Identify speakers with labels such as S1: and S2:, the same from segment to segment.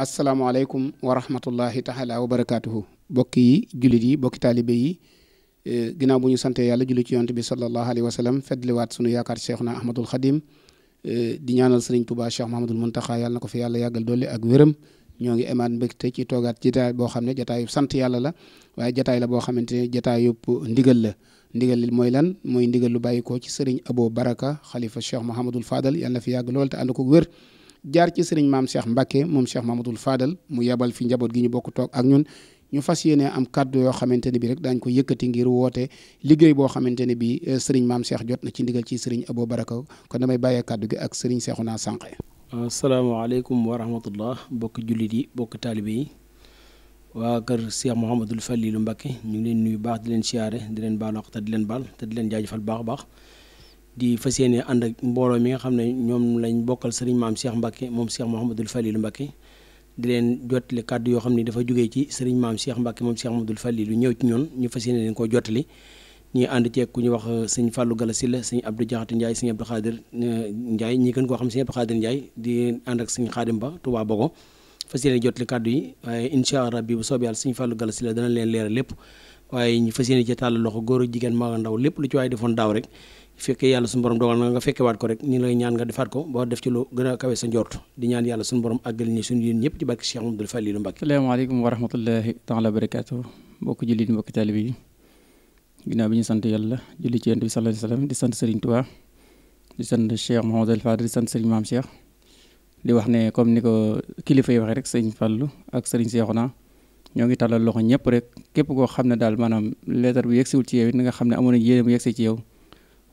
S1: asalaamaaleykum wa rahmatullahi taala wa barakaatuhu bokki yi jullit yi bokki taalibe yi eh, ginnaaw bu ñu sante yàlla julli ci yonte bi sallallahu alayhi wa sallam feddliwaat sunu yaakaar cheikhuna ahmadul xadim eh, di ñaanal sëriñ Tuubaa cheikh mahamadul muntaxa yàlla na ko fi yàlla yàggal dolli ak wéram ñoo ngi emaat mbégte ci toogaat jataay boo xam ne jataayub sant yàlla la waaye jataay la boo xamante ne jataayub ndigal la ndigal li mooy lan mooy ndigal lu bàyyikoo ci sëriñ Abo Baraka xalifa cheikh mahamadul fadal yàlla na fi yàgg lool te ànd ko jaar ci sëriñ maam Cheikh Mbacke moom Cheikh Mamadou Fadal mu yebal fi njaboot gi ñu bokk toog ak ñun ñu fas yéene am kàddu yoo xamante ne bi rek daañ ko yëkkati ngir woote liggéey boo xamante ne bi euh, sëriñ maam Cheikh jot na ci ndigal ci sëriñ Abo Baraka kon damay bàyyee kàddu gi ak sëriñ Cheikhouna Sankhé
S2: asalaamaaleykum wa rahmatullah bokk jullit yi bokk taalibe yi waa kër Cheikh Mouhamadul Falilu Mbacke ñu ngi leen nuyu baax di leen siyaare di leen baal te di leen te di leen jaajëfal baax baax di fas yéene ànd ak mbooloo mi nga xam ne ñoom lañ bokkal sëriñ maam Cheikh Mbacke moom Cheikh Mouhamadul Falil Mbacke di leen jottali kàddu yoo xam ne dafa jógee ci sëriñ maam Cheikh Mbacke moom Cheikh Mouhamadul Falil lu ñëw ci ñoon ñu fas yéene leen koo jottali ñi ànd ceeg ku ñu wax euh, sëñ Fallou Gala si Silla sëñ Abdou Diakhaté Ndiaye sëñ Abdou Khadir euh, Ndiaye ñii gën koo xam sëñ Abdou Khadir Ndiaye di ànd ak sëñ Khadim Ba Touba Bogo fas yéene jottali kàddu yi waaye incha allah rabbi bu soobee yàlla sëñ Fallou Gala Silla dana leen leeral lépp waaye ñi fas yéene ci tàll loxo góor ak jigéen mag ak ndaw lépp lu ci waaye defoon daaw rek fekkee yàlla suñu borom dogal na nga fekkewaat ko rek ñu ngi lay ñaan nga defaat ko ba def ci lu gën a kawe sa njort di ñaan yàlla suñu borom
S3: àggal ni suñu yéen ñëpp ci barke Cheikh Mamadou Falilu Mbàkke salaamaaleykum wa rahmatullahi taala barakaatu mbokk jullit mbokk taalibe yi bi ñu sant yàlla julli ci yonent bi sallallahu alayhi wasallam di sant Serigne Touba di sant Cheikh Mahamadou El Fadil di sant Serigne Maam Cheikh di wax ne comme ni ko kilifa yi rek Serigne Fallou ak Serigne Cheikhouna ñoo ngi tàllal loxo ñëpp rek képp koo xam ne daal maanaam leetar bi yegsiwul ci yow it nga xam ne amoon na yéene bu yegsi yow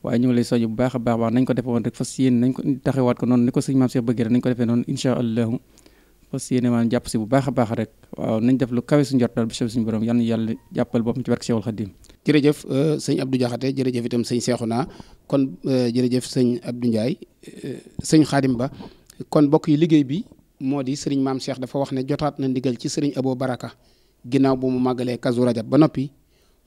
S3: waaye ñu ngi lay soññ bu baax a baax baax nañ ko defe woon rek fas yéene nañ ko taxawaat ko noonu ni ko sëñ maam Cheikh bëggee ko defee noonu incha allahu fas yéene maanaam jàpp si bu baax a baax rek waaw def lu kawe suñu jot daal bi suñu borom yal yàlla jàppal boppam ci barke Cheikhul Khadim jërëjëf euh, sëñ Abdou Diakhaté jërëjëf itam sëñ Cheikhouna kon
S1: euh, jërëjëf sëñ Abdou Ndiaye euh, sëñ Khadim Ba kon bokk yi liggéey bi moo di sëriñ maam Cheikh dafa wax ne jotaat na ndigal ci sëriñ Abo Baraka ginnaaw bu mu màggalee kazu rajab ba noppi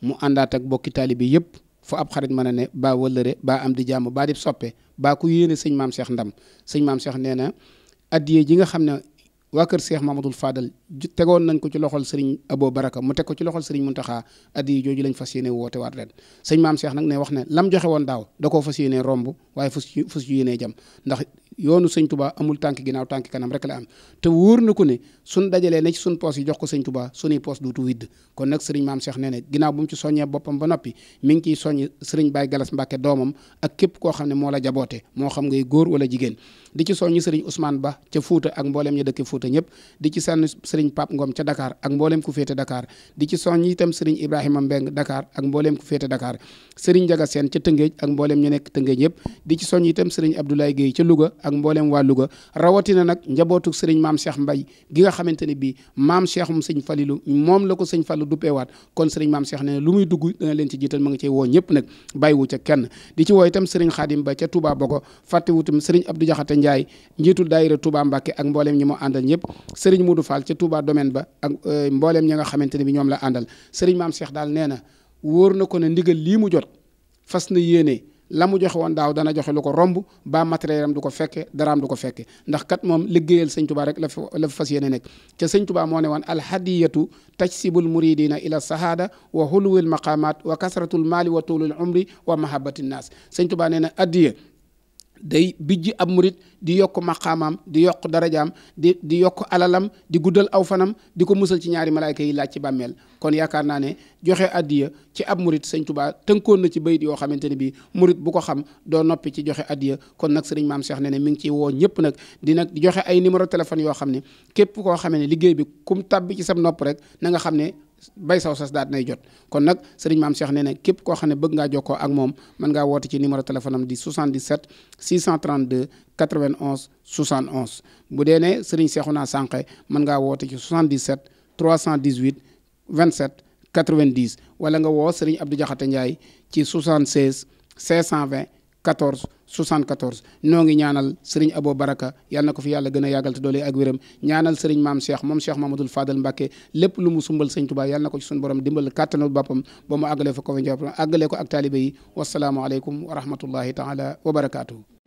S1: mu àndaat ak bokki taalibe yëpp fu ab xarit mën a ne baa wëllëre baa am di jàmm baa di soppe baa ku yéene sëñ maam seex ndam sëñ maam seex nee na addiye ji nga xam ne waa kër Cheikh Mamadou Fadal tegoon nañ ko ci loxol sëriñ Abo Baraka mu teg ko ci loxol sëriñ mun Muntaxa addiye jooju lañ fas yéene woote waat ren sëñ maam Cheikh nag ne wax ne lam joxe woon daaw da koo fas yéene romb waaye fas fas yéene jam ndax yoonu sëñ tubaa amul tànk ginnaaw tànk kanam rek la am te wóor na ko ne sun dajalee na ci sun poos yi jox ko sëñ tubaa sunuy poos duutu widd kon nag sëriñ maam Cheikh nee ne ginnaaw bu mu ci soñee boppam ba noppi mi ngi ciy soññ sëriñ Baye Galas Mbàkke doomam ak képp koo xam ne moo la jaboote moo xam ngay góor wala jigéen di ci soññi sëriñ Ousmane Ba ca Fuuta ak mboolem ña dëkk Fuuta ñëpp di ci sànni sëriñ Pape Ngom ca Dakar ak mboolem ku féete Dakar di ci soññi itam sëriñ Ibrahima Mbeng dakaar ak mboolem ku féete dakaar sëriñ Njaga Seen ca Tëngéej ak mboolem ñu nekk Tëngéej ñëpp di ci soññi itam sëriñ Abdoulaye Guèye ca Louga ak mboolem waa luga rawatina nag njabootu sëriñ Maam Cheikh Mbay gi nga xamante ne bii maam Cheikhum sëñ Falilu moom la ko sëñ Fallu duppeewaat kon sëriñ Maam Cheikh ne lu muy dugg dana ci jiital ma ngi cey woo ñëpp nag bàyyiwu ca kenn di ci woo itam sëriñ Xaadim Ba ca Touba Bogo fàttewutam sëriñ Abdou Jaxate Ndiaye njiitul daayira Touba Mbacke ak mbooleem ñi mu àndal ñëpp Serigne Modou Fall ca Touba domaine ba euh, mbooleem ñi nga xamante ne bi ñoom la àndal Serigne Maam Cheikh daal nee na wóor na ko ne ndigal lii mu jot fas na yéene la mu joxe woon daaw dana joxe lu ko romb ba matériel am du ko fekke daraam du ko fekke ndax kat moom liggéeyal sëñ tubaa rek la la fas yéene nekk ca sëñ tubaa moo ne woon alhadiyatu tajsibul muridina ila sahada wa huluwil maqamat wa kasratul mali wa tuulul wa mahabati nnaas sëñ na addiya day bijji ab di yokk maqaamaam di yokk darajaam di di yokk alalam di guddal aw fanam di ko musal ci ñaari malaayka yi laaj ci bàmmeel kon yaakaar naa ne joxe addiya ci ab murit sëñ tubaa tënkoon na ci bayit yoo xamante ne bii murit bu ko xam doo noppi ci joxe addiya kon nag sëriñ maam Cheikh ne ne mi ngi ciy woo ñëpp nag di nag di joxe ay numéro téléphone yoo xam ne képp koo xamee ne liggéey bi kum tàbbi ci sam nopp rek na nga xam ne bay saw sas daat nay jot kon nag sëriñ maam Cheikh nee na képp koo xam ne bëgg ngaa jokkoo ak moom mën ngaa woote ci numéro téléphone am di 77 632 91 71 bu dee ne Serigne Cheikhouna Sankhé mën ngaa woote ci 77 318 27 90 wala nga woo Serigne Abdou Diakhaté Ndiaye ci 76 520 14 74 noo ngi ñaanal Serigne Abo Baraka yal na ko fi yàlla gën a yàggal te doole ak wéram ñaanal Serigne maam Cheikh moom Cheikh Mamadou Fadal Mbacke lépp lu mu sumbal Serigne Touba yal na ko ci suñu borom dimbal kàttanul boppam ba mu àggalee fa ko fa àggalee ko ak taalibe yi wasalaamualeykum wa rahmatullahi taala wa barakaatu.